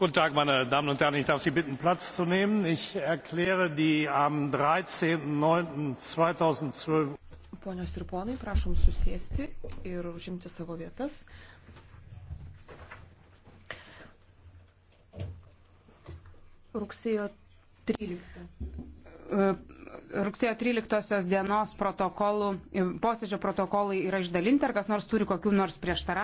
guten tag meine damen und herren! ich darf sie bitten platz zu nehmen. ich erkläre die am. dreizehn. neun zweitausendzwölf ponios ir ponai prašom susėsti ir užimti savo vietas. rugsėjo tryliktą e, rugsėjo 13 dienos protokolų, posėdžio protokolai yra išdalinti, ar kas nors turi kokių nors prieštaravimų.